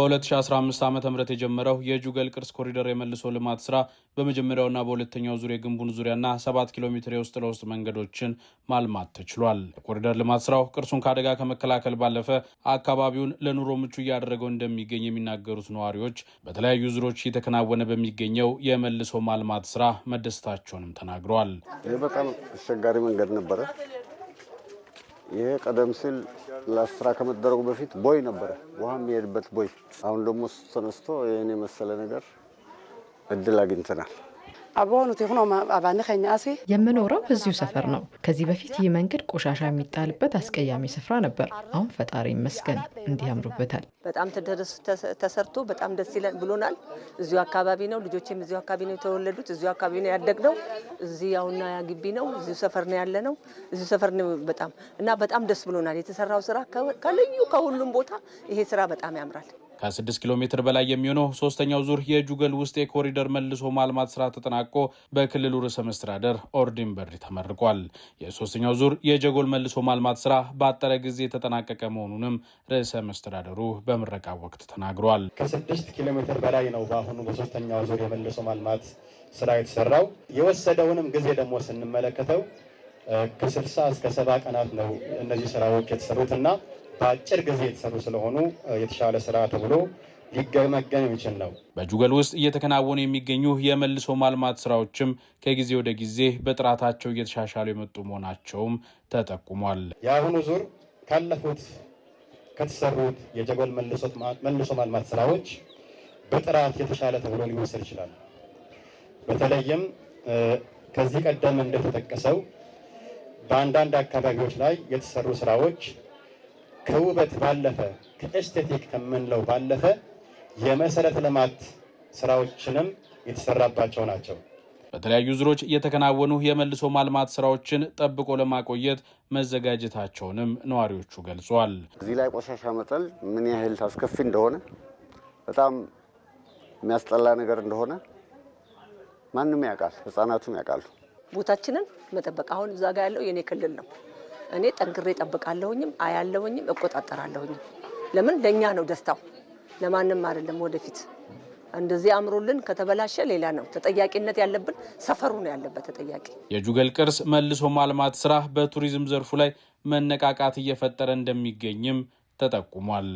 በ2015 ዓ ም የጀመረው የጁገል ቅርስ ኮሪደር የመልሶ ልማት ስራ በመጀመሪያውና በሁለተኛው ዙር የግንቡን ዙሪያና 7 ኪሎ ሜትር የውስጥ ለውስጥ መንገዶችን ማልማት ተችሏል። የኮሪደር ልማት ስራው ቅርሱን ከአደጋ ከመከላከል ባለፈ አካባቢውን ለኑሮ ምቹ እያደረገው እንደሚገኝ የሚናገሩት ነዋሪዎች በተለያዩ ዙሮች እየተከናወነ በሚገኘው የመልሶ ማልማት ስራ መደሰታቸውንም ተናግረዋል። ይህ በጣም አስቸጋሪ መንገድ ነበረ። ይሄ ቀደም ሲል ለስራ ከመደረጉ በፊት ቦይ ነበረ፣ ውሃ የሚሄድበት ቦይ። አሁን ደግሞ ተነስቶ ይህን የመሰለ ነገር እድል አግኝተናል። የምኖረው እዚሁ ሰፈር ነው። ከዚህ በፊት ይህ መንገድ ቆሻሻ የሚጣልበት አስቀያሚ ስፍራ ነበር። አሁን ፈጣሪ ይመስገን እንዲህ ያምሩበታል። በጣም ተሰርቶ በጣም ደስ ይለን ብሎናል። እዚሁ አካባቢ ነው፣ ልጆችም እዚሁ አካባቢ ነው የተወለዱት፣ እዚሁ አካባቢ ነው ያደግነው። እዚህ ያውና ግቢ ነው፣ እዚሁ ሰፈር ነው ያለ ነው፣ እዚሁ ሰፈር ነው በጣም እና በጣም ደስ ብሎናል። የተሰራው ስራ ከልዩ ከሁሉም ቦታ ይሄ ስራ በጣም ያምራል። ከ6 ኪሎ ሜትር በላይ የሚሆነው ሶስተኛው ዙር የጁገል ውስጥ የኮሪደር መልሶ ማልማት ስራ ተጠናቆ በክልሉ ርዕሰ መስተዳደር ኦርዲን በሪ ተመርቋል። የሶስተኛው ዙር የጀጎል መልሶ ማልማት ስራ በአጠረ ጊዜ የተጠናቀቀ መሆኑንም ርዕሰ መስተዳደሩ በምረቃ ወቅት ተናግሯል። ከ6 ኪሎ ሜትር በላይ ነው በአሁኑ በሶስተኛው ዙር የመልሶ ማልማት ስራ የተሰራው። የወሰደውንም ጊዜ ደግሞ ስንመለከተው ከ60 እስከ ሰባ ቀናት ነው እነዚህ ስራዎች የተሰሩትና በአጭር ጊዜ የተሰሩ ስለሆኑ የተሻለ ስራ ተብሎ ሊገመገም የሚችል ነው። በጁገል ውስጥ እየተከናወኑ የሚገኙ የመልሶ ማልማት ስራዎችም ከጊዜ ወደ ጊዜ በጥራታቸው እየተሻሻሉ የመጡ መሆናቸውም ተጠቁሟል። የአሁኑ ዙር ካለፉት ከተሰሩት የጀጎል መልሶ ማልማት ስራዎች በጥራት የተሻለ ተብሎ ሊወሰድ ይችላል። በተለይም ከዚህ ቀደም እንደተጠቀሰው በአንዳንድ አካባቢዎች ላይ የተሰሩ ስራዎች ከውበት ባለፈ ከኤስቴቲክ ከምንለው ባለፈ የመሰረተ ልማት ስራዎችንም የተሰራባቸው ናቸው። በተለያዩ ዙሮች እየተከናወኑ የመልሶ ማልማት ስራዎችን ጠብቆ ለማቆየት መዘጋጀታቸውንም ነዋሪዎቹ ገልጿል። እዚህ ላይ ቆሻሻ መጠል ምን ያህል አስከፊ እንደሆነ በጣም የሚያስጠላ ነገር እንደሆነ ማንም ያውቃል፣ ህጻናቱም ያውቃሉ። ቦታችንን መጠበቅ አሁን እዛ ጋ ያለው የኔ ክልል ነው። እኔ ጠንክሬ ጠብቃለሁኝም አያለሁኝም እቆጣጠራለሁኝም። ለምን ለእኛ ነው ደስታው፣ ለማንም አይደለም። ወደፊት እንደዚህ አእምሮልን ከተበላሸ ሌላ ነው ተጠያቂነት ያለብን። ሰፈሩ ነው ያለበት ተጠያቂ። የጁገል ቅርስ መልሶ ማልማት ስራ በቱሪዝም ዘርፉ ላይ መነቃቃት እየፈጠረ እንደሚገኝም ተጠቁሟል።